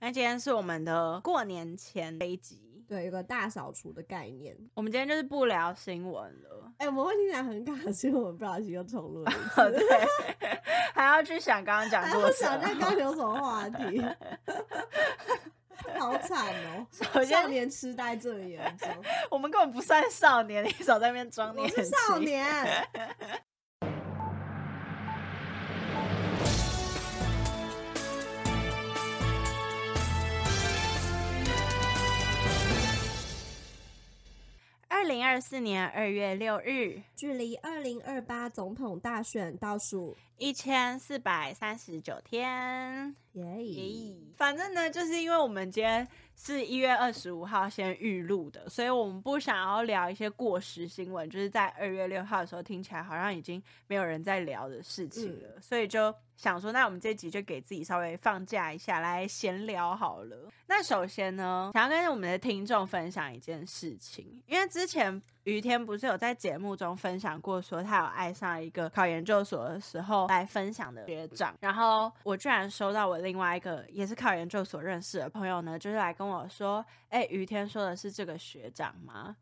那今天是我們的過年前第一集，對，有個大掃除的概念。我們今天就是不聊新聞了。哎、欸，我們會聽起來很搞笑，我們不小心又重錄一次、 oh，還要去想剛剛講什麼，想在剛剛有什麼話題， 好慘哦！先少年痴呆這麼嚴重， 我們根本不算少年，你少在那邊裝你是少年。 二零二四年二月六日，距離二零二八總統大選倒數一千四百三十九天。Yeah. 耶反正呢，就是因為我們今天是一月二十五號先預錄的，所以我們不想要聊一些過時新聞，就是在二月六號的時候聽起來好像已經沒有人在聊的事情了，嗯、所以就。想說，那我們這集就給自己稍微放假一下，來閒聊好了。那首先呢，想要跟我們的聽眾分享一件事情，因為之前，余天不是有在節目中分享過，說他有愛上一個考研究所的時候來分享的學長，然後我居然收到我另外一個也是考研究所認識的朋友呢，就是來跟我說，哎、欸，余天說的是這個學長嗎？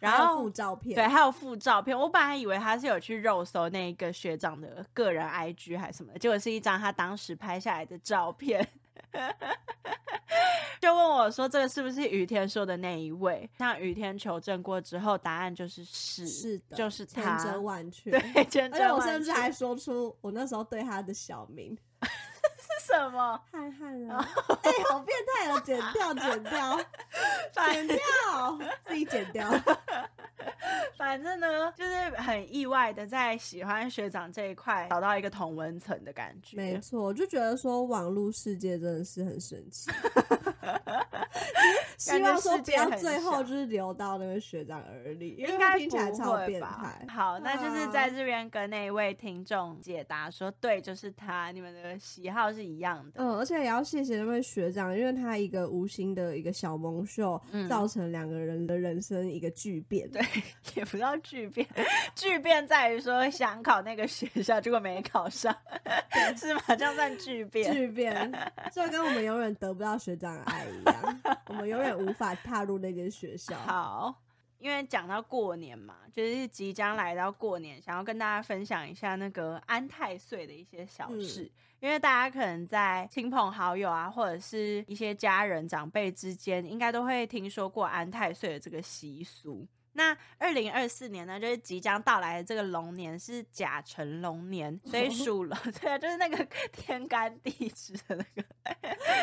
然後他有附照片，對，還有附照片。我本來以為他是有去肉搜那個學長的個人 IG 還是什麼的，結果是一張他當時拍下來的照片。 就問我說：“這個是不是余天說的那一位？”那余天求證過之後，答案就是是，是的，就是他。全真全對，全真全而且我甚至還說出我那時候對他的小名。什麼？憨憨啊！哎、 欸，好變態啊！剪掉，剪掉，反正掉，自己剪掉。反正呢，就是很意外的，在喜歡學長這一塊找到一個同溫層的感覺。沒錯，我就覺得說網絡世界真的是很神奇。 希望說不要最後就是留到那個學長耳裡，應該聽起來超變態。好，那就是在這邊跟那一位聽眾解答說，啊、對，就是他，你們的喜好是一樣的。嗯，而且也要謝謝那位學長，因為他一個無心的一個小萌秀，嗯、造成兩個人的人生一個巨變。對，也不叫巨變，巨變在於說想考那個學校，結果沒考上， 對，是吧？這樣算巨變。巨變就跟我們永遠得不到學長的愛一樣， 我們永遠。無法踏入那間學校。好，因為講到過年嘛，就是即將來到過年，想要跟大家分享一下那個安太歲的一些小事。嗯、因為大家可能在親朋好友啊，或者是一些家人長輩之間，應該都會聽說過安太歲的這個習俗。那二零二四年呢，就是即將到來的這個龍年是甲辰龍年，所以屬龍，哦、 對啊，就是那個天干地支的那個。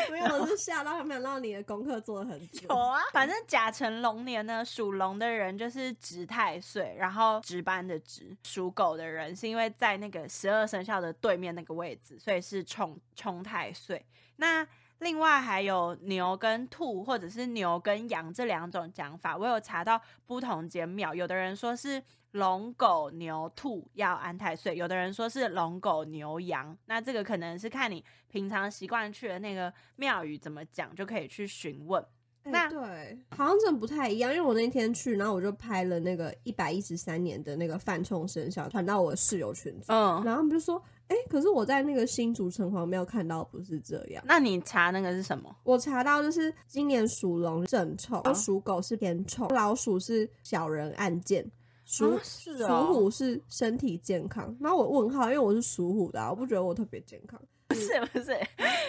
不用有 後我是嚇到，他沒有讓你的功課做了很久？有啊、哦，反正甲辰龍年呢，屬龍的人就是值太歲，然後值班的值，屬狗的人是因為在那個十二生肖的對面那個位置，所以是沖沖太歲。那另外還有牛跟兔，或者是牛跟羊這兩種講法，我有查到不同間廟，有的人說是龍狗牛兔要安太歲，有的人說是龍狗牛羊，那這個可能是看你平常習慣去的那個廟宇怎麼講，就可以去詢問那、哎。那對，好像真的不太一樣，因為我那天去，然後我就拍了那個一百一十三年的那個犯沖生肖傳到我室友群，嗯，然後他們就說。哎，可是我在那個新竹城隍廟看到不是這樣。那你查那個是什麼？我查到就是今年屬龍正沖，啊、然後屬狗是偏沖，老鼠是小人暗箭，屬鼠、啊哦、虎是身體健康。那我問號，因為我是屬虎的、啊，我不覺得我特別健康。不是不是，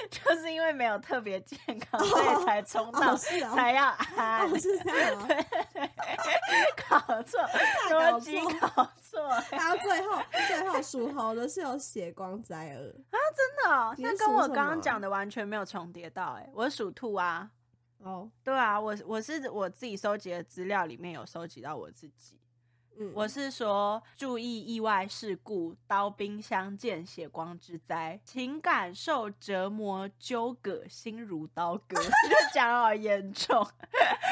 就是因為沒有特別健康，所以才沖到，才要安？是啊，才要哦、是這樣啊。搞錯。對，邏輯搞錯。他最後， 最後屬猴的是有血光災厄啊！真的、哦，那、啊、跟我剛剛講的完全沒有重疊到誒、欸。我屬兔啊。哦，對啊，我我是我自己收集的資料裡面有收集到我自己。嗯、我是說，注意意外事故、刀兵相見、血光之災、情感受折磨、糾葛、心如刀割，就講得好嚴重。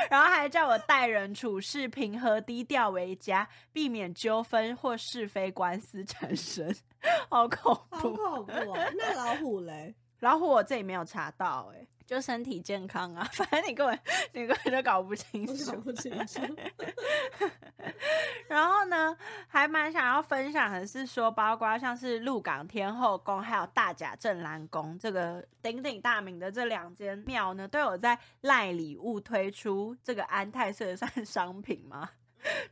然後還叫我待人處事平和、低調為佳，避免糾紛或是非官司產生，好恐怖，好恐怖。那老虎嘞？老虎我這裡沒有查到、欸，哎。就身體健康啊，反正你根本，你根本就搞不清楚。 然後呢，還蠻想要分享的是說，包括像是鹿港天後宮，還有大甲鎮瀾宮這個鼎鼎大名的這兩間廟呢，都有在賴禮物推出這個安太歲算商品嗎？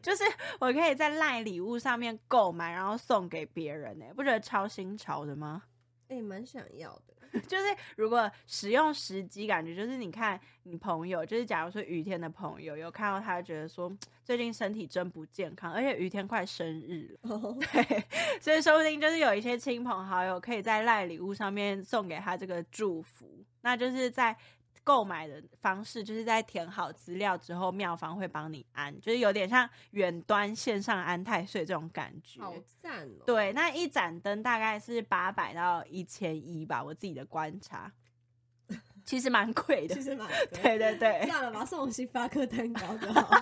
就是我可以在賴禮物上面購買，然後送給別人，呢，不覺得超新潮的嗎？欸，哎，蠻想要的。 就是如果使用時機，感覺就是你看你朋友，就是假如說余天的朋友，有看到他覺得說最近身體真不健康，而且余天快生日了，對，所以說不定就是有一些親朋好友可以在賴禮物上面送給他這個祝福，那就是在。購買的方式就是在填好資料之後，廟方會幫你安，就是有點像遠端線上安太歲這種感覺。好讚、哦！對，那一盞燈大概是八百到一千一吧，我自己的觀察，其實蠻貴的。其實蠻貴。 對對對。算了吧，馬送我星巴克蛋糕就好。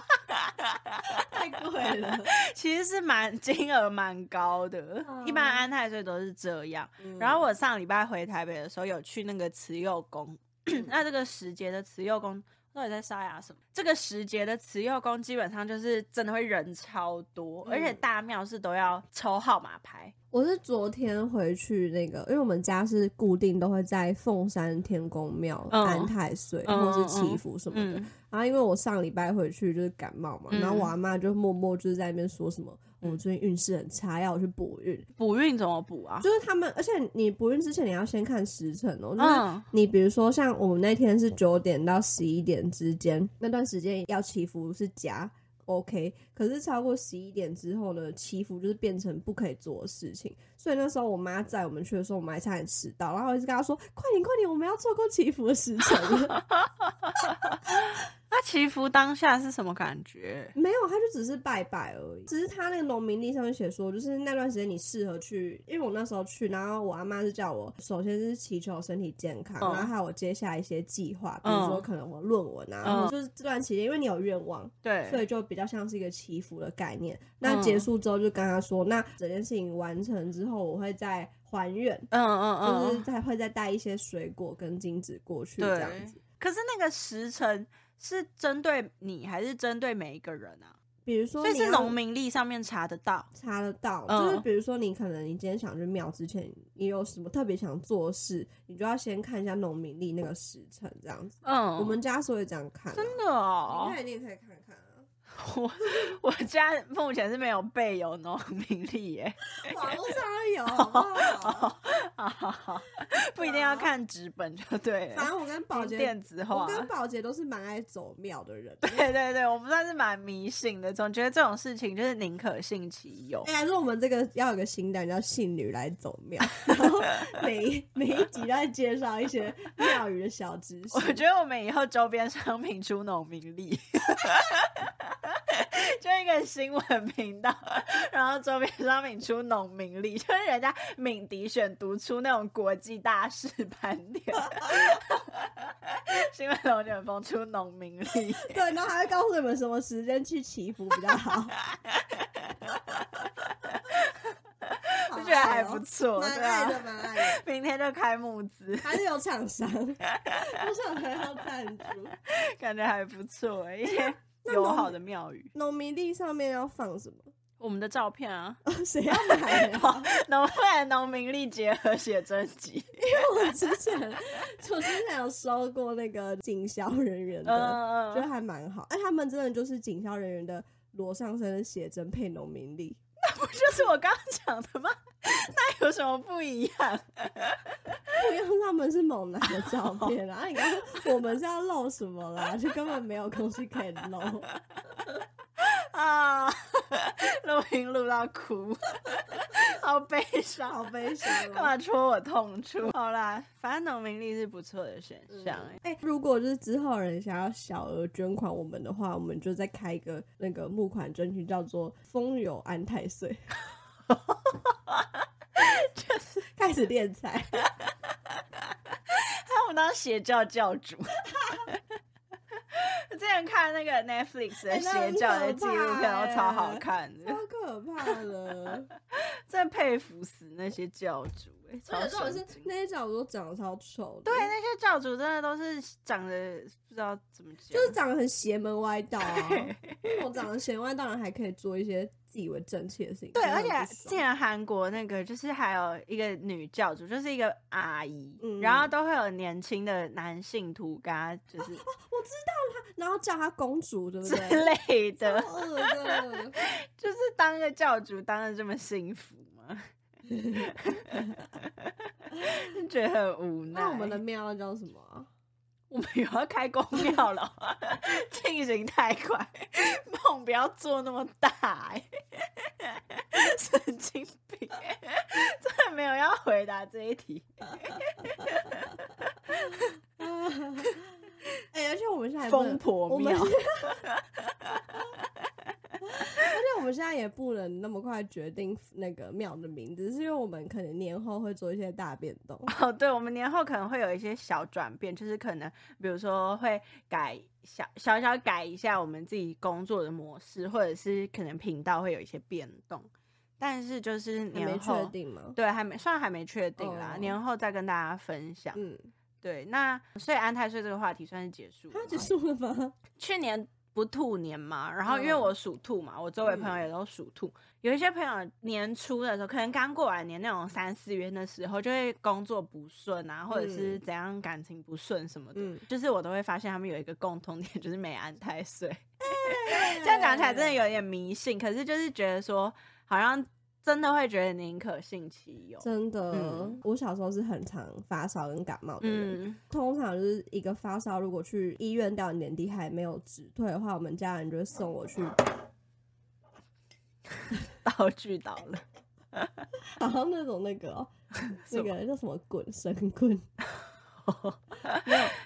太貴了， 其實是蠻金額蠻高的。Oh. 一般安太歲都是這樣。嗯、然後我上禮拜回台北的時候，有去那個慈幼宮。 那這個時節的慈幼宮到底在刷牙什麼？這個時節的慈幼宮基本上就是真的會人超多，嗯、而且大廟是都要抽號碼牌。我是昨天回去那個，因為我們家是固定都會在鳳山天公廟、嗯、安太歲或是祈福什麼的。嗯嗯，然後因為我上禮拜回去就是感冒嘛，嗯、然後我阿媽就默默就是在那邊說什麼。我最近運勢很差，要我去補運。補運怎麼補啊？就是他們，而且你補運之前，你要先看時辰哦。就是你比如說，像我們那天是九點到十一點之間，那段時間要祈福是假 OK，可是超過十一點之後呢，祈福就是變成不可以做的事情。所以那時候我媽載我們去的時候，我們還差點遲到，然後我一直跟她說：“快點快點，我們要錯過祈福的時辰了。” 那祈福當下是什麼感覺？沒有，他就只是拜拜而已，只是他那個農民曆上面寫說，就是那段時間你適合去。因為我那時候去，然後我阿媽是叫我，首先是祈求身體健康，Oh. 然後還有我接下來一些計劃，比如說可能我論文啊，Oh. 然後就是這段期間，因為你有願望，對，所以就比較像是一個祈福的概念。那結束之後，就跟他說，Oh. 那整件事情完成之後，我會再還願，嗯嗯嗯，就是再會再帶一些水果跟金子過去這樣子。可是那個時辰是針對你還是針對每一個人啊？比如說，這是農民曆上面查得到，查得到。嗯、就是比如說，你可能你今天想去廟之前，你有什麼特別想做事，你就要先看一下農民曆那個時辰，這樣子。嗯，我們家所以這樣看，啊，真的哦，你，你可以看看。我我家目前是沒有備有農民曆耶。黃沙好差有，不一定要看紙本就對了。反正、啊、我跟飽潔電子化，我跟飽潔都是蠻愛走廟的人。對對對，我不算是蠻迷信的，總覺得這種事情就是寧可信其有。哎、欸，還是我們這個要有一個新的，叫信女來走廟，然後 每每一集都在介紹一些廟宇的小知識。我覺得我們以後周邊商品出農民曆就一個新聞頻道，然後周邊上面出農民曆，就是人家敏迪選讀出那種國際大事盤點， 新聞龍捲風出農民曆，對，然後還會告訴你們什麼時間去祈福比較好，我、 哦、覺得還不錯，愛對、啊、愛、愛 明天就開募資還是有廠商，都是很好贊助，感覺還不錯，因為。友好的廟宇，農民曆上面要放什麼？我們的照片啊，誰、哦、要買？好，農來農民曆結合寫真集，因為我之前，我之前有收過那個警消人員的， 就還蠻好。哎，他們真的就是警消人員的裸上身寫真配農民曆 不就是我剛剛講的嗎？那有什麼不一樣？不用，他們是猛男的照片啊，你看 我們是要露什麼啦？ 就根本沒有東西可以露。 啊，錄、哦、音錄到哭，好悲傷，好悲傷，幹嘛戳我痛處？好啦，反正農民力是不錯的選項。哎、嗯欸，如果就是之後人想要小額捐款我們的話，我們就再開一個那個募款專區，叫做“風油安太歲”， 就是開始斂財還有我當邪教教主。我之前看那個 Netflix 的邪教的紀錄片，都超好看的，可怕了、欸，真 佩服死那些教主。超醜，是、是那些教主都長得超醜。對，那些教主真的都是長得不知道怎麼講，就是長得很邪門歪道啊。因為 我長得邪門歪道，當然還可以做一些自以為正確的事情。對，而且竟然韓國那個就是還有一個女教主，就是一個阿姨，嗯、然後都會有年輕的男性塗鴉，就是、啊啊、我知道她，然後叫她公主，對不對？之類的，真的， 就是當一個教主，當的這麼幸福。哈哈 覺得很無奈。那我們的廟叫什麼？我們又要開宮廟了，進 行太快，夢不要做那麼大， 神經病！真的 沒有要回答這一題。哎、 欸，而且我們是還風婆廟。們 而且我們現在也不能那麼快決定那個廟的名字，是因為我們可能年後會做一些大變動。哦，對，我們年後可能會有一些小轉變，就是可能比如說會改小小小改一下我們自己工作的模式，或者是可能頻道會有一些變動。但是就是年後還沒確定嗎？對，還沒，算，還沒確定啦，啊，oh，年後再跟大家分享。嗯，對，那所以安太歲這個話題算是結束了，他結束了嗎？去年。不兔年嘛，然後因為我屬兔嘛，哦、我周圍朋友也都屬兔，嗯、有一些朋友年初的時候，可能剛過完年，那種三四月的時候，就會工作不順啊，嗯、或者是怎樣感情不順什麼的，嗯、就是我都會發現他們有一個共同點，就是沒安太歲。這 樣講起來真的有點迷信，可是就是覺得說好像。真的會覺得寧可信其有。真的，嗯、我小時候是很常發燒跟感冒的人，嗯、通常就是一個發燒，如果去醫院吊點滴還沒有止退的話，我們家人就送我去 道具島了，然後那種那個那個叫什麼滾神棍，沒有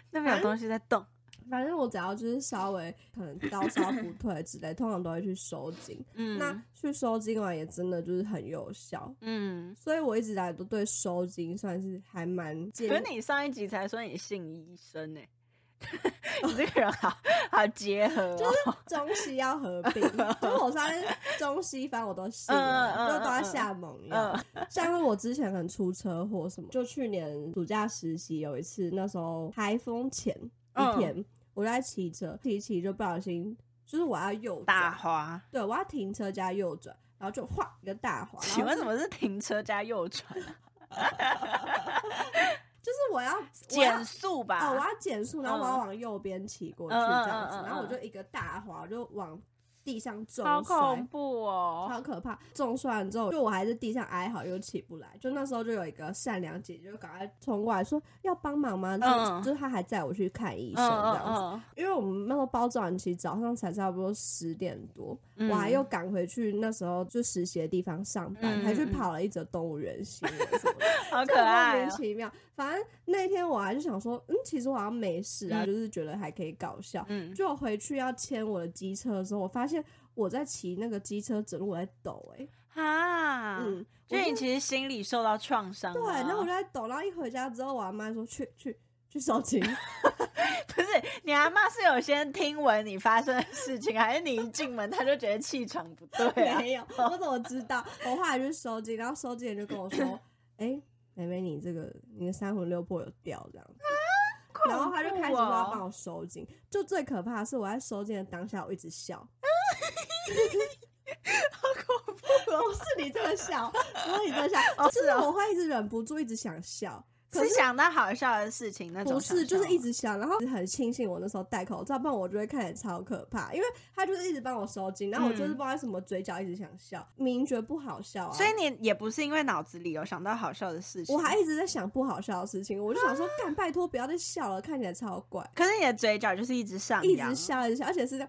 那邊有東西在動。反正我只要就是稍微可能高燒不退之類， 通常都會去收驚。嗯，那去收驚啊，也真的就是很有效。嗯，所以我一直來都對收驚算是還蠻。可你上一集才說你信醫生呢？欸， 你這個人好 好結合，哦，就是中西要合併。 就我上中西方我都信，就都要嚇懵了。像是我之前可能出車禍什麼，就去年暑假實習有一次，那時候台風前一天。Uh. 我在騎車，騎騎就不小心，就是我要右轉，大滑花，對，我要停車加右轉，然後就晃一個大滑。請問什麼是停車加右轉啊？ 就是我要減速吧，哦，我要減速，然後我要往右邊騎過去、嗯、這樣子，然後我就一個大滑就往。地上撞摔，好恐怖哦，超可怕！撞摔了之後，就我還是地上哀嚎，又起不來。就那時候就有一個善良姐姐，就趕快衝過來說：“要幫忙嗎？”嗯、就就她還載我去看醫生這樣子。嗯嗯、因為我們那時候包早餐，其實早上才差不多十點多，我還又趕回去那時候就實習的地方上班，嗯、還去跑了一則動物園新聞， 好可愛、哦，莫名其妙。反正那天我還就想說，嗯，其實我好像沒事啊，就是覺得還可以搞笑。嗯、就我回去要牽我的機車的時候，我發現。我在騎那個機車，走路我在抖，欸，哎，哈，嗯，所以你其實心裡受到創傷。對，那我就在抖，然後一回家之後，我阿媽說去去去收金。 不是，你阿媽是有先聽聞你發生的事情，還是你一進門她 就覺得氣場不對？啊？ 沒有，我怎麼知道？我後來去收金，然後收金人就跟我說：“哎、 欸，妹妹，你這個你的三魂六魄有掉這樣啊，恐怖哦，然後他就開始說要幫我收金。就最可怕的是我在收金的當下，我一直笑。 好恐怖哦！不是你這麼笑，不是你這個笑，是，個笑就是我會一直忍不住一直想笑，可是，是想到好笑的事情那種。不是，就是一直想，然後很慶幸我那時候戴口罩，不然我就會看起來超可怕，因為他就是一直幫我收驚，然後我就是不知道為什麼嘴角一直想笑，嗯、明覺不好笑啊。所以你也不是因為腦子裡有想到好笑的事情，我還一直在想不好笑的事情，我就想說，幹拜托不要再笑了，看起來超怪。可是你的嘴角就是一直上揚，一直，笑一直笑，而且是。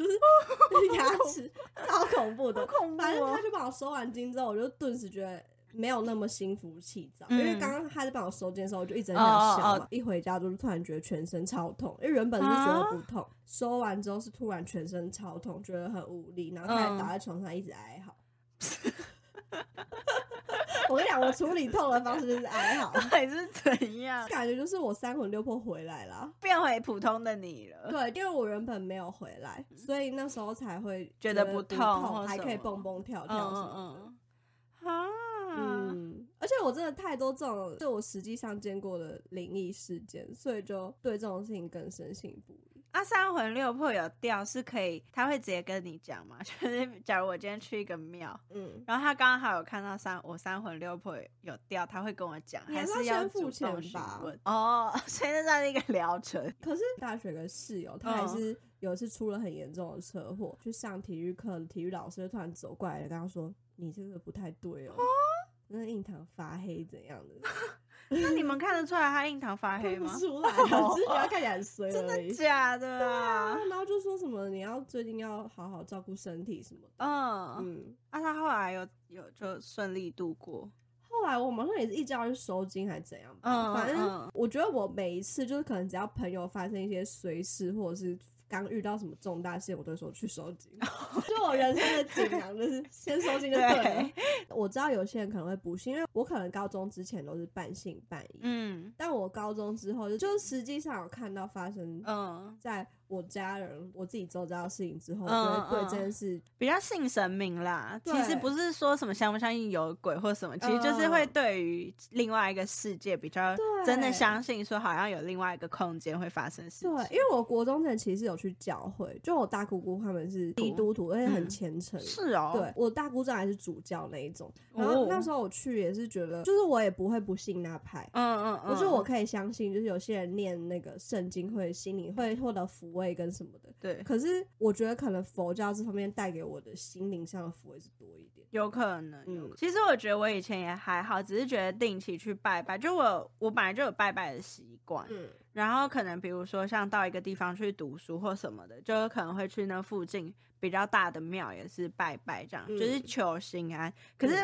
就是牙齒 超恐怖的，好恐怖哦、反正他就幫我收完驚之後，我就頓時覺得沒有那麼心浮氣躁。嗯、因為剛剛他在幫我收驚的時候，我就一直很想笑嘛，哦哦哦，一回家就是突然覺得全身超痛，因為原本人是覺得不痛，啊、收完之後是突然全身超痛，覺得很無力，然後他還倒在床上一直哀嚎。嗯 我跟你講，我處理痛的方式就是哀嚎，還是怎樣？感覺就是我三魂六魄回來了，變回普通的你了。對，因為我原本沒有回來，所以那時候才會覺得不痛，不痛還可以蹦蹦跳跳什麼的。啊、嗯嗯嗯，嗯。而且我真的太多這種，就我實際上見過的靈異事件，所以就對這種事情更深信不疑。那、啊、三魂六魄有掉是可以，他會直接跟你講嗎？就是假如我今天去一個廟，嗯，然後他剛好有看到三我三魂六魄有,有掉，他會跟我講，吧還是要主動詢問哦。所以那算是一個療程。可是大學的室友他還是有一次出了很嚴重的車禍，去、哦、上體育課，體育老師就突然走過來了，跟他說：“你這個不太對哦，那印堂發黑怎樣的？” 那你們看得出來他印堂發黑嗎？看得出來、喔，哦、看起來很衰、哦、真的假的啊？啊。然後就說什麼你要最近要好好照顧身體什麼的。嗯嗯。嗯啊，他後來有有就順利度過。後來我好像也是一直要去收驚還是怎樣？嗯。反正我覺得我每一次就是可能只要朋友發生一些衰事或者是。剛遇到什麼重大事，我都說去收驚。oh, 就我人生的錦囊就是先收驚。對，我知道有些人可能會不信，因為我可能高中之前都是半信半疑，嗯，但我高中之後就是實際上有看到發生，在。我家人我自己做這樣事情之後，覺得鬼真的是比較信神明啦。對其實不是說什麼相不相信有鬼或什麼，嗯、其實就是會對於另外一個世界比較對真的相信，說好像有另外一個空間會發生事情。對，因為我國中時其實有去教會，就我大姑姑他們是基督徒，而且很虔誠。嗯、對是哦，對，我大姑丈還是主教那一種。然後那時候我去也是覺得，就是我也不會不信那派。嗯嗯嗯，就是我,我可以相信，就是有些人念那個聖經會心裡會獲得福。位跟什麼的，對，可是我覺得可能佛教這方面帶給我的心靈上的撫慰是多一點，有可能。嗯，有可能其實我覺得我以前也還好，只是覺得定期去拜拜，就我我本來就有拜拜的習慣，嗯，然後可能比如說像到一個地方去讀書或什麼的，就可能會去那附近比較大的廟也是拜拜這樣，就是求心安。嗯、可是、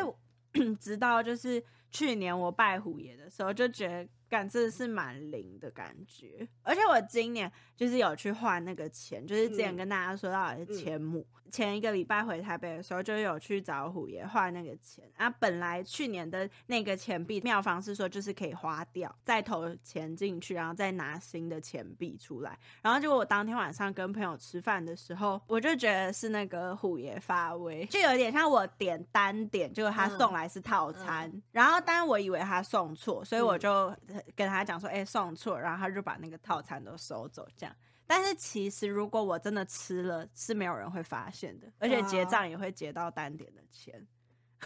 嗯、直到就是去年我拜虎爺的時候，就覺得。感真的是蠻靈的感覺，而且我今年就是有去換那個錢，就是之前跟大家說到的錢母，前一個禮拜回台北的時候，就有去找虎爺換那個錢啊。本來去年的那個錢幣廟方是說就是可以花掉，再投錢進去，然後再拿新的錢幣出來。然後結果我當天晚上跟朋友吃飯的時候，我就覺得是那個虎爺發威，就有點像我點單點，結果他送來是套餐，然後當然我以為他送錯，所以我就。跟他講說，哎，送錯，然後他就把那個套餐都收走，這樣。但是其實如果我真的吃了，是沒有人會發現的，而且結賬也會結到單點的錢。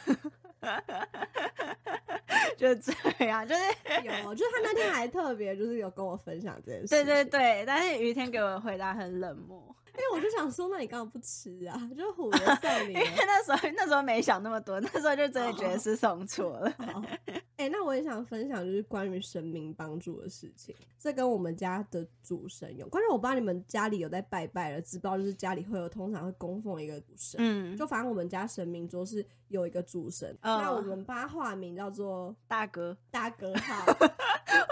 Wow. 就是這樣，就是 有，就是他那天還特別就是有跟我分享這件事。對對對，但是余天給我的回答很冷漠。哎、欸，我就想說，那你幹嘛不吃啊？就虎年少年。因為那時候那時候沒想那麼多，那時候就真的覺得是送錯了。哎、oh. oh. 欸，那我也想分享就是關於神明幫助的事情，這跟我們家的主神有。關於我不知道你們家裡有在拜拜了，只不知道就是家裡會有通常會供奉一個主神。嗯，就反正我們家神明桌是有一個主神，oh. 那我們把他化名叫做大哥，大哥號，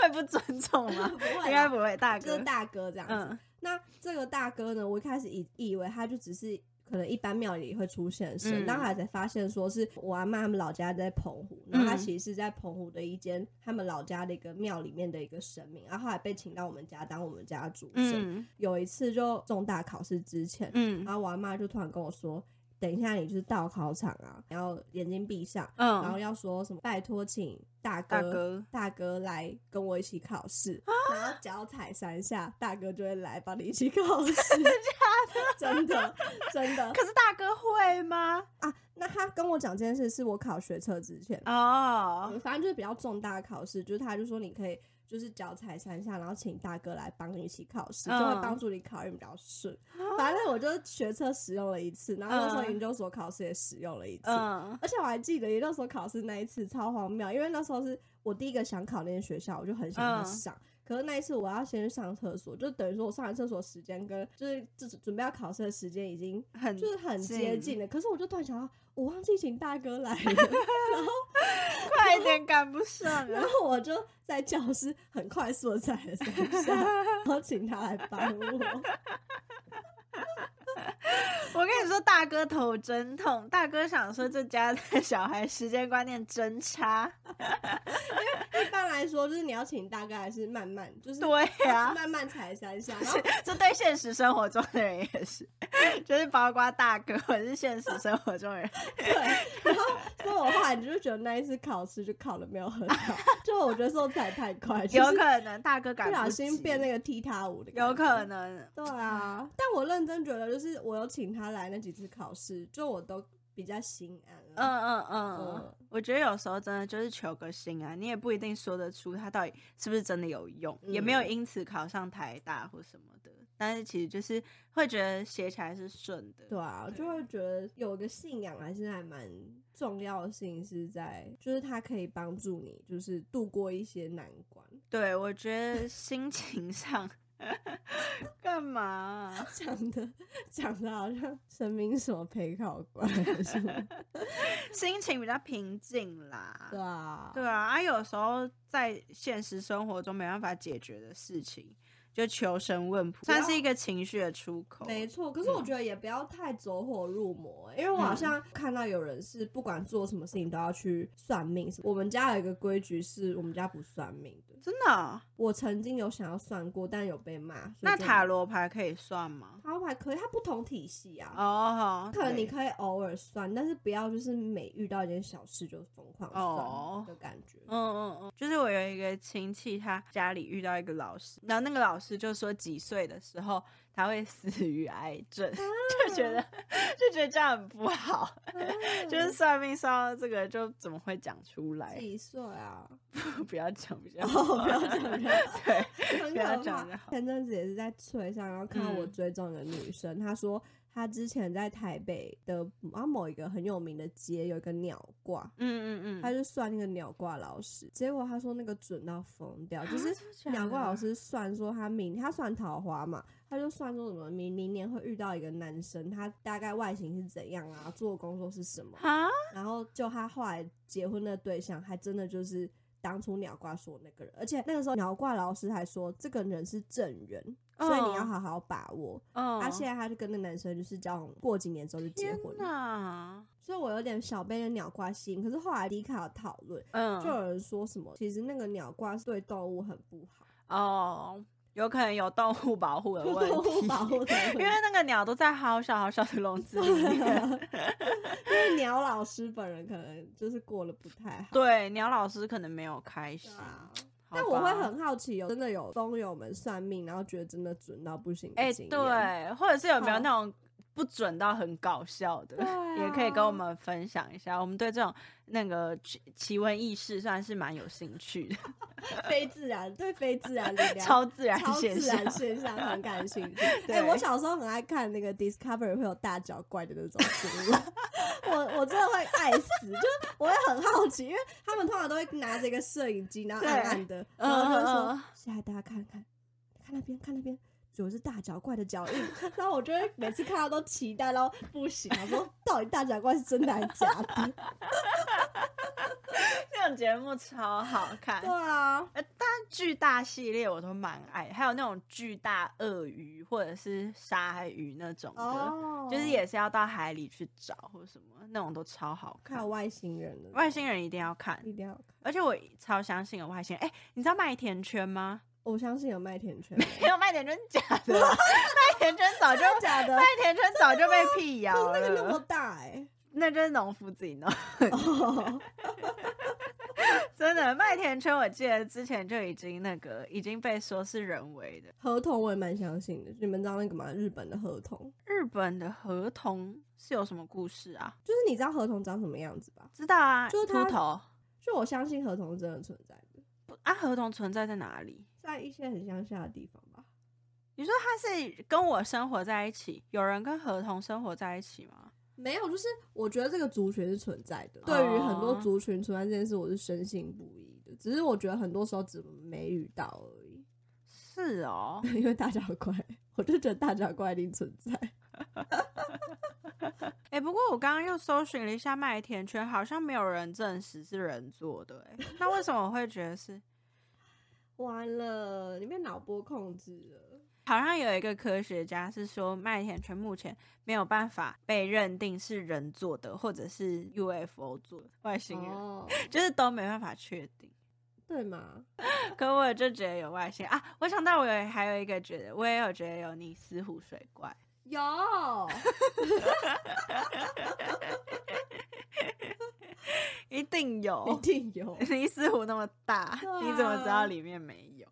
會不尊重嗎？ 不會了，應該不會，大哥就大哥這樣子。嗯那這個大哥呢？我一開始以以為他就只是可能一般廟裡會出現神，但、嗯、後來才發現說，是我阿嬤他們老家在澎湖，那他其實是在澎湖的一間他們老家的一個廟裡面的一個神明，然後還被請到我們家當我們家主神。嗯、有一次就重大考試之前，嗯，然後我阿嬤就突然跟我說。等一下，你就是到考場啊，然後眼睛閉上，嗯，然後要說什麼拜託，請大哥大哥，大哥來跟我一起考試，蛤然後腳踩三下，大哥就會來幫你一起考試，真假的？真的真的。真的，可是大哥會嗎？啊，那他跟我講這件事，是我考學車之前哦，反正就是比較重大的考試，就是他就說你可以。就是腳踩三下，然後請大哥來幫你一起考試，就會幫助你考運比較順。Uh. 反正我就學車使用了一次，然後那時候研究所考試也使用了一次，uh. 而且我還記得研究所考試那一次超荒謬，因為那時候是我第一個想考那些學校，我就很想要上。Uh. 可是那一次我要先去上廁所，就等於說我上完廁所時間跟就是就準備要考試的時間已經很就是很接近了。很近。可是我就突然想到。我忘記請大哥來了，然後， 然後快一點趕不上了，然後我就在教室很快速在的踩了一下， 然後請他來幫我。 我跟你說，大哥頭真痛。大哥想說，這家的小孩時間觀念真差。 一般來說，就是你要請大哥還是慢慢，就是對呀、啊，慢慢踩三下。然後這對現實生活中的人也是，就是包括大哥，也是現實生活中的人。 對。然後，所以的話，你就覺得那一次考試就考的沒有很好， 就我覺得說踩太快，就是、有可能大哥不小心變那個踢踏舞的，有可能。對啊，但我認真覺得就是。我有請他來那幾次考試，就我都比較心安嗯。嗯嗯嗯嗯，嗯我覺得有時候真的就是求個心安、啊，你也不一定說得出他到底是不是真的有用，嗯、也沒有因此考上台大或什麼的。但是其實就是會覺得寫起來是順的，對啊，對就會覺得有個信仰還是還蠻重要的事情是在就是他可以幫助你，就是度過一些難關。對，我覺得心情上。 幹 嘛、啊？講的講的好像神明什麼陪考官似 心情比較平靜啦。對啊，對啊，啊，有時候在現實生活中沒辦法解決的事情，就求神問卜，算是一個情緒的出口。要沒錯，可是我覺得也不要太走火入魔、欸，嗯、因為我好像看到有人是不管做什麼事情都要去算命。我們家有一個規矩是，我們家不算命。真的、啊，我曾經有想要算過，但有被罵。那塔羅牌可以算嗎？塔羅牌可以，它不同體系啊。哦，oh, oh, 可能你可以偶爾算，對但是不要就是每遇到一件小事就瘋狂算的、oh. 就感覺。嗯嗯嗯，就是我有一個親戚，他家裡遇到一個老師，然後那個老師就說幾歲的時候。他會死於癌症，就覺得就覺得這樣很不好，啊、 就是算命算到這個就怎麼會講出來？幾歲啊？ 不要講，不講、哦，不要講，不講， 對不要講，對，不要講就好。前陣子也是在推上，然後看到我追蹤一個女生，嗯、她說她之前在台北的啊某一個很有名的街有一個鳥卦，嗯嗯嗯，嗯嗯她就算那個鳥卦老師，結果她說那個準到瘋掉，啊、就是鳥卦老師算說她命，啊、她算桃花嘛。他就算說什麼明明年會遇到一個男生，他大概外形是怎樣啊？做的工作是什麼？啊！Huh? 然後就他後來結婚的對象，還真的就是當初鳥卦說那個人。而且那個時候鳥卦老師還說，這個人是正人，oh. 所以你要好好把握。嗯。他現在他就跟那個男生就是交往，過幾年之後就結婚了。啊、所以我有點小被了鳥卦吸引。可是後來迪卡討論，嗯，就有人說什麼，oh. 其實那個鳥卦是對動物很不好。哦。Oh. 有可能有動物保護的問題，問題，因為那個鳥都在好小好小的籠子裡面。 因為鳥老師本人可能就是過得不太好，對，鳥老師可能沒有開心。啊、吧但我會很好奇有，有真的有東友們算命，然後覺得真的準到不行。哎、欸，對，或者是有沒有那種？不準到很搞笑的，啊、也可以跟我們分享一下。我們對這種那個奇聞異事算是蠻有興趣的，非自然，對，非自然力量、超自然現象，超自然現象很感興趣。對、欸，我小時候很愛看那個《Discovery》會有大腳怪的那種 我我真的會愛死， 就我也很好奇，因為他們通常都會拿着一個攝影機，然後暗暗的，對然後他們說：“現在、uh, uh. 大家看看，看那邊，看那邊。”主要是大腳怪的腳印，然後我就會每次看到都期待到不行，我說到底大腳怪是真的還是假的？這 種節目超好看，對啊，但巨大系列我都蠻愛，還有那種巨大鱷魚或者是鯊魚那種的，oh. 就是也是要到海裡去找或者什麼，那種都超好看。外星人的，外星人一定要看，一定要看。而且我超相信有外星人。哎、欸，你知道麥田圈嗎？我相信有麥田圈，沒有麥田圈假的， 麥田圈早就的假的，麥田圈早就被闢謠。那個那麼大哎、欸，那就是農夫自己弄哦。真的麥田圈，我記得之前就已經那個已經被說是人為的。河童我也蠻相信的，你們知道那個嗎？日本的河童，日本的河童是有什麼故事啊？就是你知道河童長什麼樣子吧？知道啊，就是禿頭。就我相信河童是真的存在的。啊，河童存在在哪裡？在一些很鄉下的地方吧。你說他是跟我生活在一起，有人跟河童生活在一起嗎？沒有，就是我覺得這個族群是存在的。Oh. 對於很多族群存在這件事，我是深信不疑的。只是我覺得很多時候只沒遇到而已。是哦， 因為大腳怪，我就覺得大腳怪一定存在。哎、 欸，不過我剛剛又搜尋了一下麥田圈，好像沒有人證實是人做的、欸。哎，那為什麼我會覺得是？ 完了，你被腦波控制了。好像有一個科學家是說，麥田圈目前沒有辦法被認定是人做的，或者是 UFO 做的外星人，oh. 就是都沒辦法確定，對嗎？可我就覺得有外星啊！我想到我有還有一個覺得，我也有覺得有尼斯湖水怪，有。 一定有，一定有。尼斯湖那麼大，啊、你怎麼知道裡面沒有？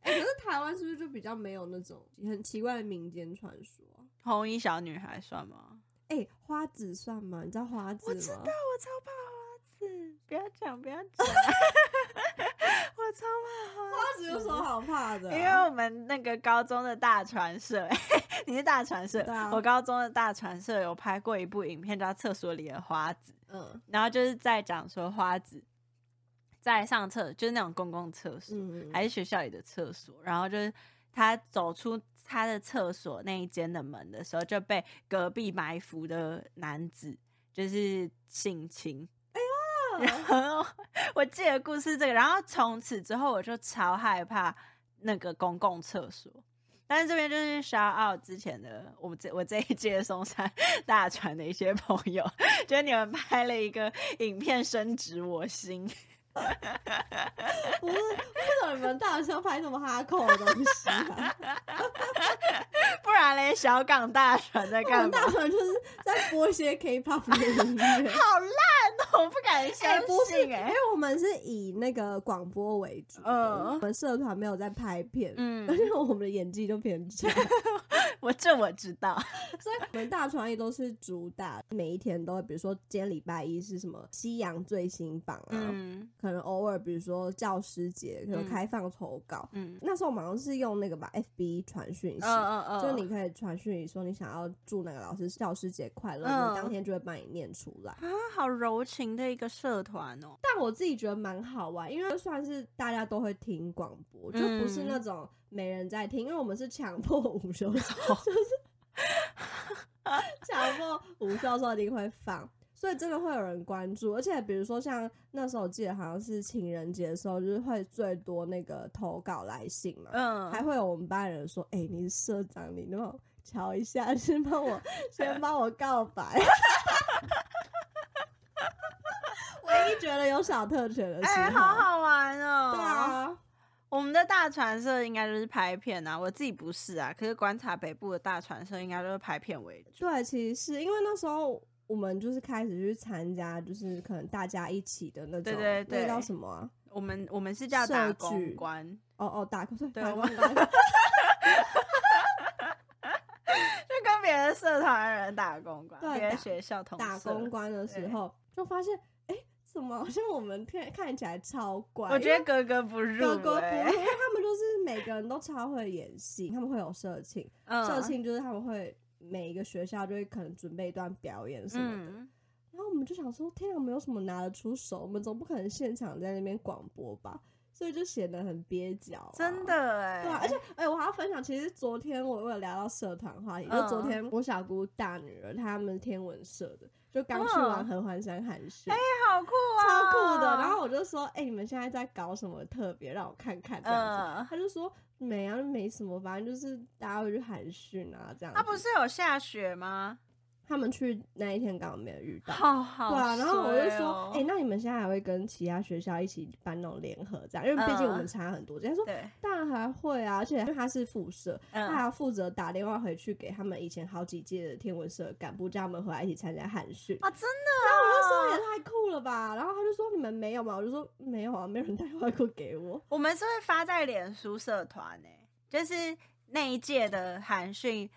哎、欸，可是台灣是不是就比較沒有那種很奇怪的民間傳說、啊？紅衣小女孩算嗎？哎、欸，花子算嗎？你知道花子嗎？我知道，我超怕花子，不要講，不要講。 我超怕花子。花子有什麼好怕的、啊？因為我們那個高中的大傳社， 你是大傳社，啊、我高中的大傳社有拍過一部影片叫《廁所裡的花子》，嗯，然後就是在講說花子在上廁，就是那種公共廁所，嗯嗯還是學校裡的廁所，然後就是他走出他的廁所那一間的門的時候，就被隔壁埋伏的男子就是性侵。然後我記得故事這個，然後從此之後我就超害怕那個公共廁所。但是這邊就是 shout out 之前的我這我這一屆松山大傳的一些朋友，就是你們拍了一個影片，深植我心。哈 不是，為什麼你們大學生拍這麼哈扣的東西、啊。 不然嘞，小港大傳在幹嘛？大傳就是在播一些 K-pop 的音樂， 好爛哦、喔！我不敢相信、欸，哎、欸，因為我們是以那個廣播為主，嗯，uh, 我們社團沒有在拍片，嗯，而且我們的演技就偏差。 我這我知道， 所以我們大傳也都是主打，每一天都會，比如說今天禮拜一是什麼西洋最新榜啊，嗯。可能偶爾，比如說教師節，可能開放投稿。嗯，那時候我們好像是用那個吧，FB 傳訊息，嗯嗯、就是你可以傳訊息說你想要祝那個老師教師節快樂，嗯、你當天就會幫你念出來。啊，好柔情的一個社團哦！但我自己覺得蠻好玩，因為就算是大家都會聽廣播，嗯、就不是那種沒人在聽，因為我們是強迫午休的時候，哦、 就是強、啊、 迫午休的時候一定會放。所以真的會有人關注，而且比如說像那時候，記得好像是情人節的時候，就是會最多那個投稿來信嘛，嗯，還會有我們班人說，哎、欸，你是社長，你能不能瞧一下，先幫我， 先幫我告白。唯一覺得有小特權的，哎、欸，好好玩哦！對啊，我們的大傳社應該就是拍片啊，我自己不是啊，可是觀察北部的大傳社應該都是拍片為主。對，其實是因為那時候。我們就是開始去參加，就是可能大家一起的那種，叫什麼？我們我們是叫打公關，哦哦，打公關，就跟別的社團人打公關，跟學校同社打公關的時候，就發現，哎，怎麼好像我們天看起來超乖，我覺得格格不入，格格不入。因為他們就是每個人都超會演戲，他們會有社慶，社慶就是他們會。每一個學校就會可能準備一段表演什麼的，嗯、然後我們就想說，天啊，沒有什麼拿得出手，我們總不可能現場在那邊廣播吧。所以就顯得很蹩腳，真的哎、欸，對啊，而且哎、欸，我還要分享，其實昨天我有聊到社團話題，嗯、就昨天我小姑大女兒她們天文社的，就剛去完合歡山寒訓，哎，好酷啊，超酷的。嗯、然後我就說，哎、欸，你們現在在搞什麼特別？讓我看看這樣子。」嗯、她就說沒啊，沒什麼，反正就是大家會去寒訓啊這樣。她不是有下雪嗎？他們去那一天剛好沒有遇到，好好、哦啊、然後我就說，哎、欸，那你們現在還會跟其他學校一起辦那種聯合戰？因為畢竟我們差很多。人家、嗯、說，對，當然還會啊，而且因為他是副社，嗯、他還要負責打電話回去給他們以前好幾屆的天文社幹部，叫他們回來一起參加寒訓啊。真的、啊？那我就說也太酷了吧。然後他就說你們沒有嗎？我就說沒有啊，沒有人打電話過給我。我們是會發在臉書社團誒、欸，就是那一屆的寒訓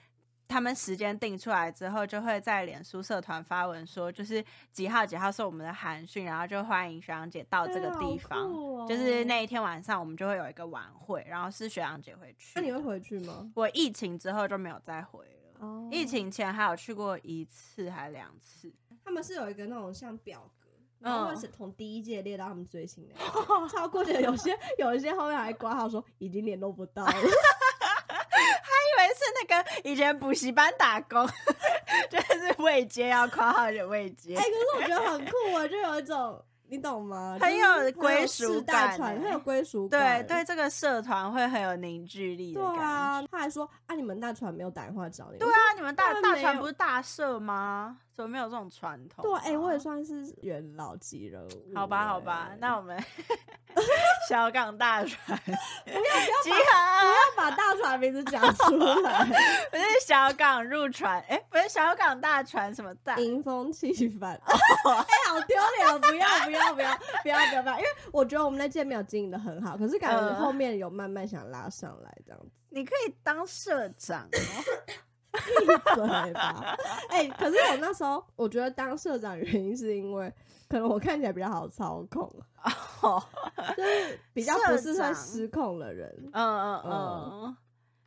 他們時間定出來之後，就會在臉書社團發文說，就是幾號幾號是我們的寒訓，然後就歡迎學長姐到這個地方。就是那一天晚上，我們就會有一個晚會，然後是學長姐回去。那你會回去嗎？我疫情之後就沒有再回了。疫情前還有去過一次，還兩次。他們是有一個那種像表格，然後是從第一屆列到他們最新的，超過去有些有一些，些後面還括號說已經聯絡不到了。 是那個以前補習班打工， 就是未接要括號的未接。哎、欸，可是我覺得很酷啊，就有一種你懂嗎？就是、有很有歸屬感，、欸、感，很有歸屬感，對對，這個社團會很有凝聚力。對啊，他還說啊，你們大傳沒有打電話找你。說對啊，你們大們大傳不是大社嗎？怎麼沒有這種傳統、啊？對，哎、欸，我也算是元老級人物、欸。好吧，好吧，那我們。 小港大船， 不要不要把集合、啊、不要把大船名字講出來。 不是小港入船，哎、欸，不是小港大船什麼大？迎風起帆。哎、 欸，好丟臉不要不要 不要不要不要！因為我覺得我們那屆沒有經營的很好，可是感覺後面有慢慢想拉上來這樣子。 你可以當社長。閉 嘴吧！哎、欸，可是我那時候我覺得當社長的原因是因為可能我看起來比較好操控啊。 哦，比較不是算失控的人，嗯嗯嗯，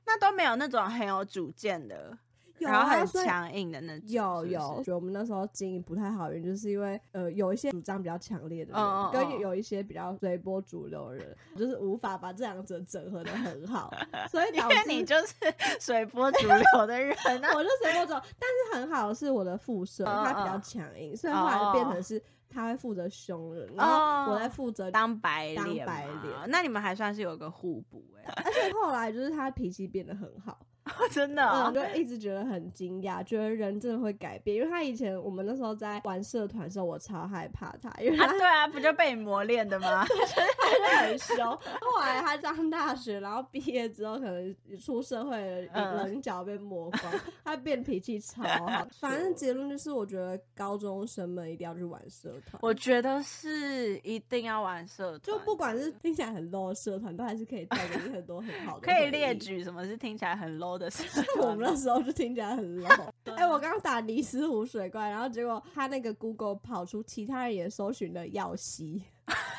那都沒有那種很有主見的，然後很強硬的那種。有有，覺得我們那時候經營不太好，原因就是因為呃有一些主張比較強烈的人，跟有一些比較隨波逐流的人，就是無法把這兩者整合的很好，所以導致你就是隨波逐流的人。我是隨波逐流，但是很好，是我的副社，他比較強硬，雖然後來變成是。他會負責凶人，然後我在負責、哦、當白當白臉。那你們還算是有個互補哎、欸。而且後來就是他脾氣變得很好。我真的、啊，我、嗯、就一直覺得很驚訝，覺得人真的會改變。因為他以前我們那時候在玩社團的時候，我超害怕他，因為他啊對啊，不就被你磨練的嗎？ 他很凶。後來他上大學，然後畢業之後，可能出社會稜角被磨光，嗯、他變脾氣超好。 反正結論就是，我覺得高中生們一定要去玩社團。我覺得是一定要玩社團，就不管是聽起來很 low 的社團，對都還是可以帶給你很多很好的。可以列舉什麼是聽起來很 low 的？ 我們那時候就聽起來很老。哎、 欸，我剛打尼斯湖水怪，然後結果他那個 Google 跑出其他人也搜尋了耀西，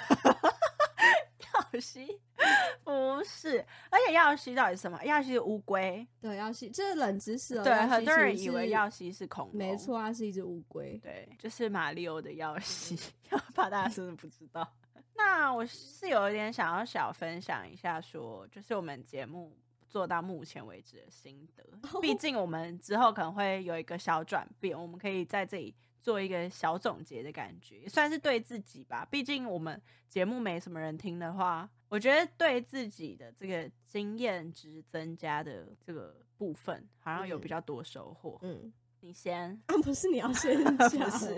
耀西 不是？而且耀西到底是什麼？耀西是烏龜。對，耀西就是冷知識對，很多人以為耀西是恐龍。沒錯、啊，它是一隻烏龜。對，就是馬里歐的耀西，嗯、怕大家真的不知道。 那我是有一點想要小分享一下說，說就是我們節目。做到目前為止的心得，畢竟我們之後可能會有一個小轉變，我們可以在這裡做一個小總結的感覺，也算是對自己吧。畢竟我們節目沒什麼人聽的話，我覺得對自己的這個經驗值增加的這個部分，好像有比較多收穫。嗯。嗯，你先 、啊，不是你要先，不是，這是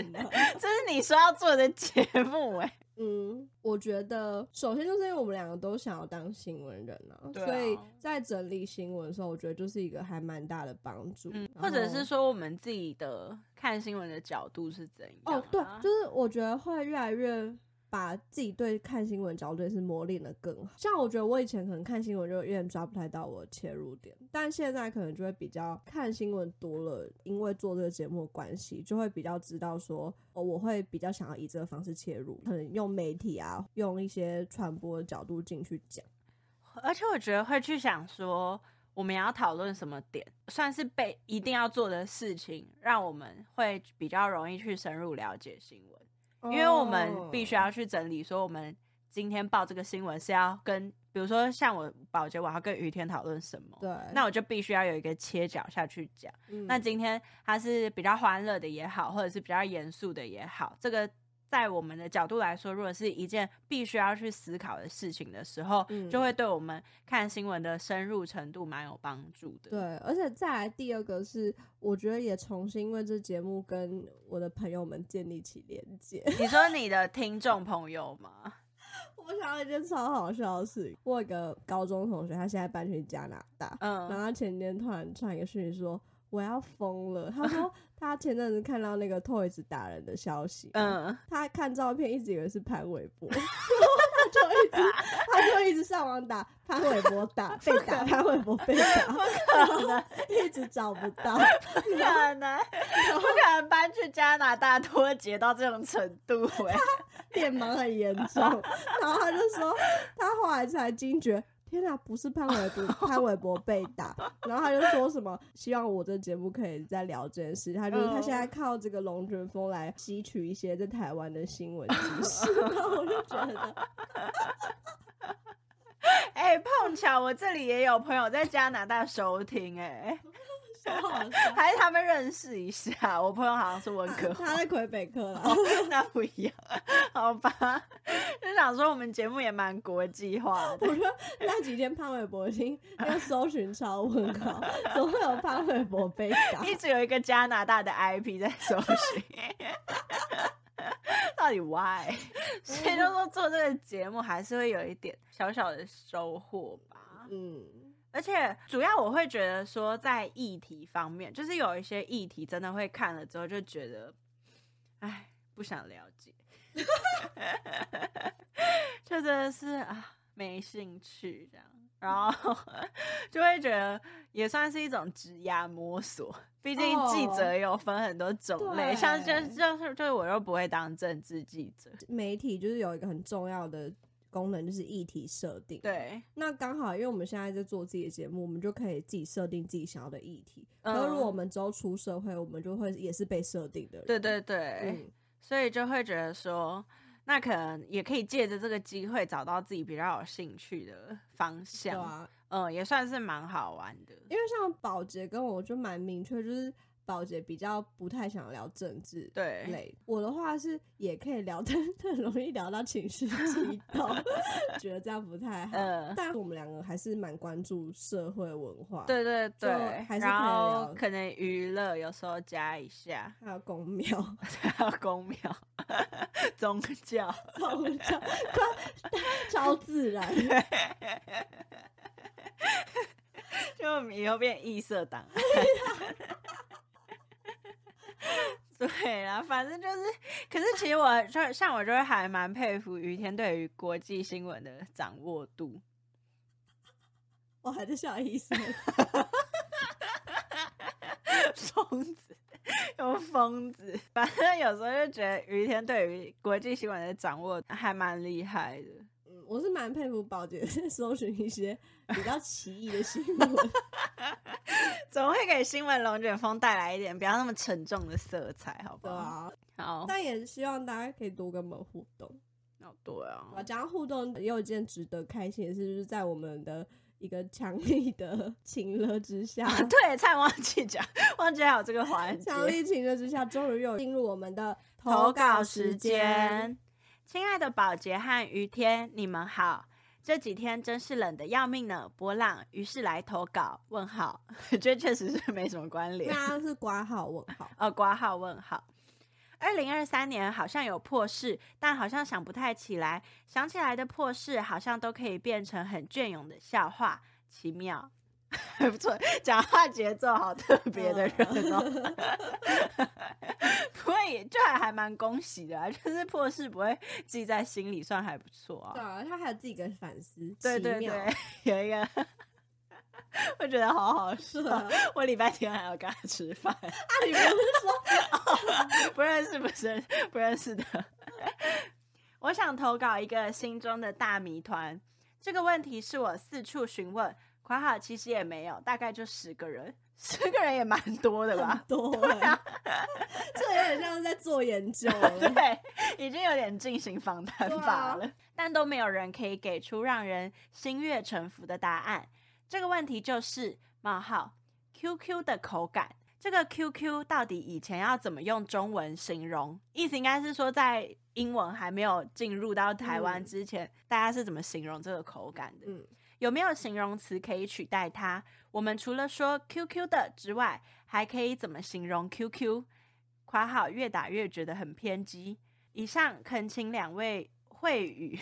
你說要做的節目欸。嗯，我覺得首先就是因為我們兩個都想要當新聞人啊，啊所以在整理新聞的時候，我覺得就是一個還蠻大的幫助，嗯、然後或者是說我們自己的看新聞的角度是怎樣、啊？哦，對，就是我覺得會越來越。把自己對看新聞角度是磨練得更好，像我覺得我以前可能看新聞就有點抓不太到我的切入點，但現在可能就會比較看新聞多了，因為做這個節目的關係，就會比較知道說，哦，我會比較想要以這個方式切入，可能用媒體啊，用一些傳播的角度進去講，而且我覺得會去想說我們要討論什麼點，算是被一定要做的事情，讓我們會比較容易去深入了解新聞。因為我們必須要去整理，所以我們今天報這個新聞是要跟，比如說像我飽潔，我要跟余天討論什麼？對，那我就必須要有一個切角下去講。嗯，那今天它是比較歡樂的也好，或者是比較嚴肅的也好，這個。在我們的角度來說，如果是一件必須要去思考的事情的時候，嗯、就會對我們看新聞的深入程度蠻有幫助的。對，而且再來第二個是，我覺得也重新為這節目跟我的朋友們建立起連接。你說你的聽眾朋友嗎？ 我想到一件超好笑的事，我有一個高中同學，他現在搬去加拿大，嗯、然後他前天突然傳一個訊息說我要瘋了，他說。 他前陣子看到那個 Toys 打人的消息，嗯，他看照片一直以為是潘瑋柏， 然後他就一直他打就一直上網打潘瑋柏打被打潘瑋柏被打，不可能，一直找不到，不可能，後不可能搬去加拿大脫節到這種程度，欸，哎，臉盲很嚴重， 然後他就說，他後來才驚覺。天哪，不是潘瑋柏潘瑋柏被打， 然後他就說什麼希望我這節目可以再聊這件事。他就是他現在靠這個龍捲風來吸取一些在台灣的新聞知識，然後我就覺得，哎，碰巧我這裡也有朋友在加拿大收聽，欸，哎。好好笑，還是他們認識一下，我朋友好像是文科、啊，他是魁北克的，oh, 那不一樣，好吧？ 就想說我們節目也蠻國際化的。我說那幾天潘瑋柏已經要搜尋超問號， 總會有潘瑋柏被搞。一直有一個加拿大的 IP 在搜尋， 到底 why？所以就說做這個節目還是會有一點小小的收穫吧，嗯。而且主要我會覺得說，在議題方面，就是有一些議題真的會看了之後就覺得，哎，不想了解。 就真的是啊，沒興趣這樣，然後就會覺得也算是一種職涯摸索。畢竟記者有分很多種類，哦、像就就是就我又不會當政治記者，媒體就是有一個很重要的。功能就是議題設定。對，那剛好，因為我們現在在做自己的節目，我們就可以自己設定自己想要的議題。而、嗯、如果我們之後出社會，我們就會也是被設定的人。對對對，嗯、所以就會覺得說，那可能也可以借着這個機會找到自己比較有興趣的方向。對嗯，也算是蠻好玩的。因為像飽潔跟我就蠻明確，就是。飽潔比較不太想聊政治類，對我的話是也可以聊，但很容易聊到情緒激動， 覺得這樣不太好。呃、但我們兩個還是蠻關注社會文化，對對對，還是然後可能娛樂有時候加一下，還有公廟，還有公廟， 宗教， 宗教， 超自然， 就以後變異色黨。 對啦，反正就是，可是其實我像我就是還蠻佩服余天對於國際新聞的掌握度。我還是小醫生，瘋 子，有瘋子，反正有時候就覺得余天對於國際新聞的掌握還蠻厲害的。我是蠻佩服飽姐搜尋一些比較奇異的新聞， 總會給新聞龍捲風帶來一點不要那麼沉重的色彩，好不好、啊、好，但也是希望大家可以多跟我們互動。好、oh，啊！我講互動有一件值得開心的事，在我們的一個強力的情勒之下， 對，才忘記講，忘記還有這個環節，強力情勒之下，終於又進入我們的投稿時間。親愛的飽潔和余天，你們好！這幾天真是冷得要命呢。波浪於是來投稿問號，這確實是沒什麼關聯。對啊，是刮號問號。呃、哦，刮號問號。二零二三年好像有破事，但好像想不太起來。想起來的破事，好像都可以變成很雋永的笑話，奇妙。還不錯，講話節奏好特別的人哦、喔。嗯、 不會，就還還蠻恭喜的、啊，就是破事不會記在心裡，算還不錯啊。對啊，他還有自己的反思。對對對，妙有一個，會覺得好好笑。是啊、我禮拜天還要跟他吃飯。啊，你不是說 不認識？不是不認識的。 我想投稿一個心中的大謎團。這個問題是我四處詢問。括號其實也沒有，大概就十個人，十個人也蠻多的吧，很多哎、欸，這 有點像在做研究， 對，已經有點進行訪談法了，啊、但都沒有人可以給出讓人心悅誠服的答案。這個問題就是冒號 QQ 的口感，這個 QQ 到底以前要怎麼用中文形容？意思應該是說，在英文還沒有進入到台灣之前，嗯、大家是怎麼形容這個口感的？嗯。有沒有形容詞可以取代它？我們除了說 “Q Q” 的之外，還可以怎麼形容 “Q Q”？括號越打越覺得很偏激。以上懇請兩位惠予，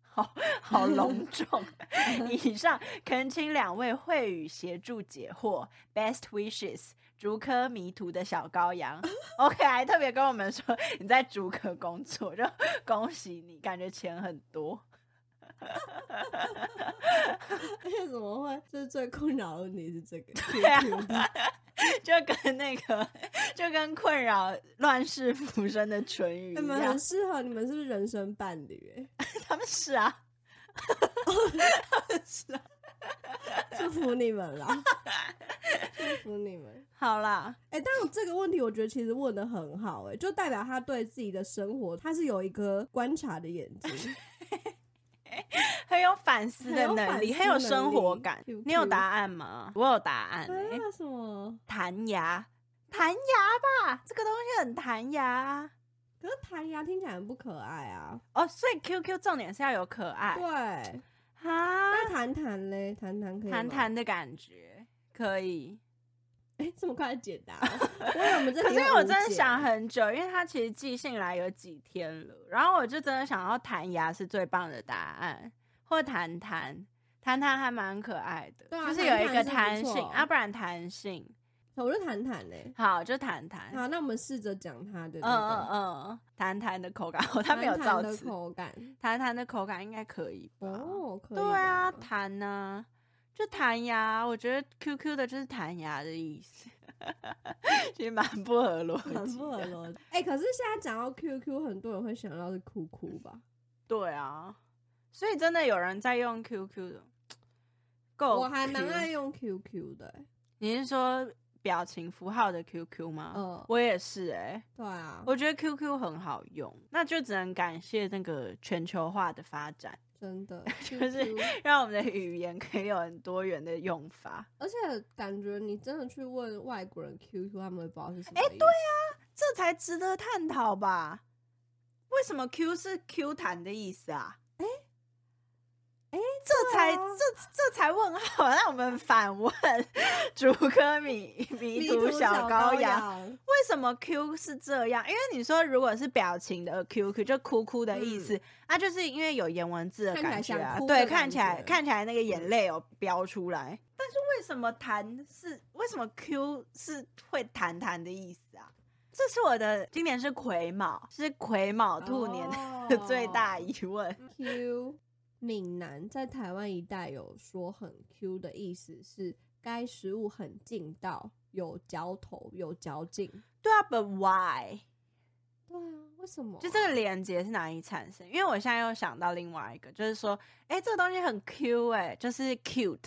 好好隆重。 以上懇請兩位惠予協助解惑。Best wishes，竹科迷途的小羔羊。OK，還特別跟我們說你在竹科工作，就恭喜你，感覺錢很多。.而且 怎麼會？這、就是、最困擾的問題是這個，Q Q 對呀、啊，就跟那個，就跟困擾亂世浮生的唇語一樣，你們很適合，你們是，不是人生伴侶、欸？ 他們是死啊，他們是啊，祝福你們啦！祝福你們。好啦，哎、欸，但是這個問題，我覺得其實問的很好、欸，哎，就代表他對自己的生活，他是有一顆觀察的眼睛。 很有反思的能力，很有，反思能力，很有生活感。QQ 你有答案嗎？我有答案。哎、那什麼？彈牙？彈牙吧！這個東西很彈牙，可是彈牙聽起來很不可愛啊。哦，所以 QQ 重點是要有可愛。對，哈。彈彈嘞？彈彈可以嗎？彈彈的感覺可以。哎、欸，這麼快的解答？ 為什麼這？可是我真的想很久，因為他其實寄信來有幾天了，然後我就真的想要彈牙是最棒的答案，或彈彈，彈彈還蠻可愛的，啊、就是有一個彈性彈彈、喔、啊，不然彈性、喔，我就彈彈嘞。好，就彈彈。好、啊，那我們試着講他的、那個，嗯嗯嗯，彈彈的口感，他、喔、沒有造詞，彈彈口感，彈彈的口感應該可以吧，oh, 可以。對啊，彈呢？就彈牙，我覺得 Q Q 的就是彈牙的意思， 其實蠻不合邏輯，蠻不合邏輯。哎、欸，可是現在講到 Q Q，很多人會想到是酷酷吧？對啊，所以真的有人在用 Q Q 的，夠，我還蠻愛用 Q Q 的、欸。你是說表情符號的 Q Q 嗎？嗯、呃，我也是哎、欸。對啊，我覺得 Q Q 很好用，那就只能感謝那個全球化的發展。真的，Q Q 就是讓我們的語言可以有很多元的用法，而且感覺你真的去問外國人 “QQ” 他們的 “Q” 是什麼意思？哎，對啊，這才值得探討吧？為什麼 “Q” 是 “Q 彈”的意思啊？這才、啊、這這才問號，那我們反問，竹科米迷途小羔羊，為什麼 Q 是這樣？因為你說如果是表情的 Q Q 就哭哭的意思那，、嗯啊，、就是因為有顏文字的感覺啊，覺對，看起來看起來那個眼淚有飆出來。對但是為什麼彈是為什麼 Q 是會彈彈的意思啊？這是我的今年是癸卯，是癸卯兔年的最大疑問。Oh, Q. 閩南在台灣一帶有說很 Q 的意思是該食物很勁道，有嚼頭，有嚼勁。對啊，But why？對啊，為什麼、啊？就這個連接是哪裡產生？因為我現在又想到另外一個，就是說，哎、欸，這個東西很 Q，哎、欸，就是 cute，、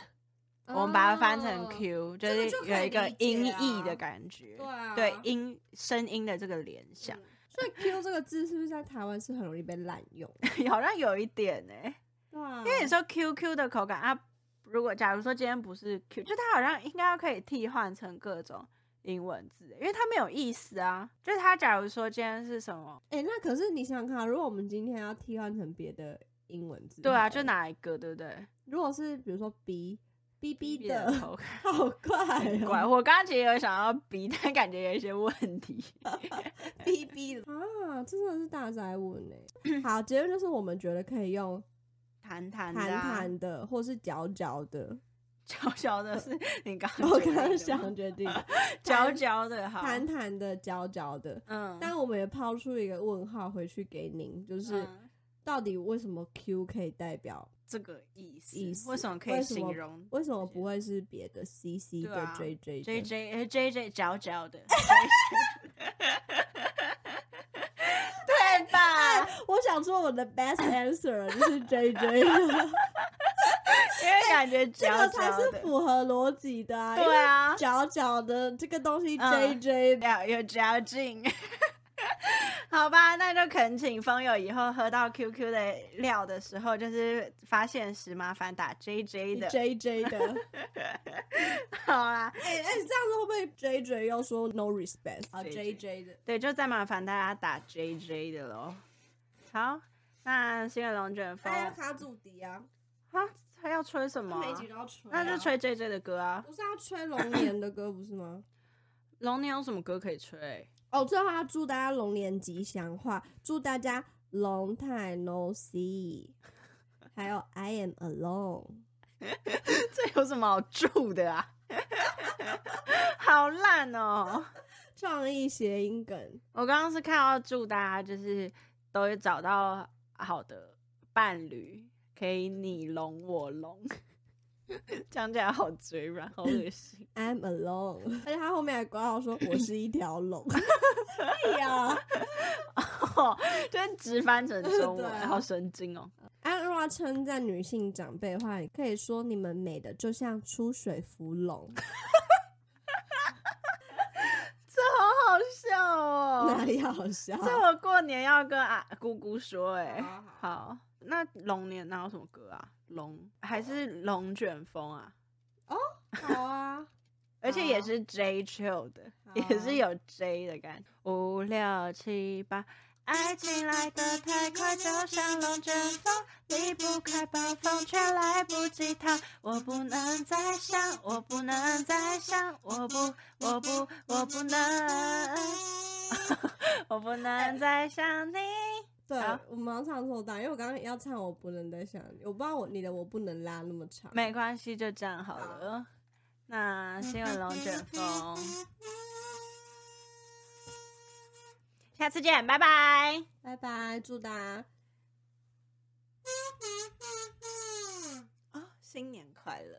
oh, 我們把它翻成 Q，就是有一個音譯的感覺。啊、對、啊，對，音聲音的這個聯想、嗯。所以 Q 這個字是不是在台灣是很容易被濫用？ 好像有一點哎、欸。對啊，因為你說 Q Q 的口感啊，如果假如說今天不是 Q，就它好像應該可以替換成各種英文字，因為它沒有意思啊。就它假如說今天是什麼？哎、欸，那可是你想想看，如果我們今天要替換成別的英文字，對啊，就哪一個對不對？如果是比如說 B B B 的的口感好怪，怪！我剛剛其實有想要 B，但感覺有一些問題。 B B 的 啊，真的是大哉問呢。好，結論就是我們覺得可以用，談談的，或是嚼嚼的，嚼嚼的是你剛我剛剛想決定，嚼嚼的，好，彈彈的，嚼嚼的，嗯，但我們也拋出一個問號回去給您，就是到底為什麼 Q 可以代表這個意思？為什麼可以形容？為什麼不會是別的？C C 的 J J J J J J 嚼嚼的。我想說我的 best answer 就是 JJ，因為感覺這個才是符合邏輯的。對啊，嚼嚼的這個東西 JJ 的有嚼勁。好吧，那就懇請風友以後喝到 QQ 的料的時候，就是發現時麻煩打 JJ 的 JJ 的。好啊，哎哎，這樣子會不會 JJ 又說 no respect 啊？JJ 的，對，就再麻煩大家打 JJ 的嘍。好，那新的龍捲風他要卡祖笛啊？他要吹什麼、啊？他吹、啊，那就吹 J J 的歌啊。不是要吹龍年的歌， 不是嗎？龍年有什麼歌可以吹？哦，最後要祝大家龍年吉祥話，祝大家龍太 no see， 還有 I am alone， 這有什麼好祝的啊？ 好爛哦，創 意諧音梗。我剛剛是看到祝大家就是。都會找到好的伴侶，可以你龍我龍，講起來好嘴軟。然後也是 I'm alone，而且他後面還剛好說“我是一條龍”，可以啊，哦，就直翻成中文， 對好神經哦！如果要稱讚女性長輩的話，可以說你們美的就像出水芙蓉。 哦，哪裡好笑？這我過年要跟阿姑姑說、欸，哎、啊啊，好，那龍年那有什麼歌啊？龍還是龍捲風啊？哦，oh? 好啊， 而且也是 J Chill，、啊、也是有 J 的感覺。五六七八。5, 6, 7, 愛情來得太快，就像龍捲風，離不開暴風圈來不及逃。我不能再想，我不能再想，我不，我不，我不能， 我不能再想你。欸、對，好我馬上唱錯檔，因為我剛剛要唱我不能再想你，我不知道我你的我不能拉那麼長，沒關係，就這樣好了。好那新聞龍捲風。下次見，拜拜，拜拜，祝大家啊，新年快樂！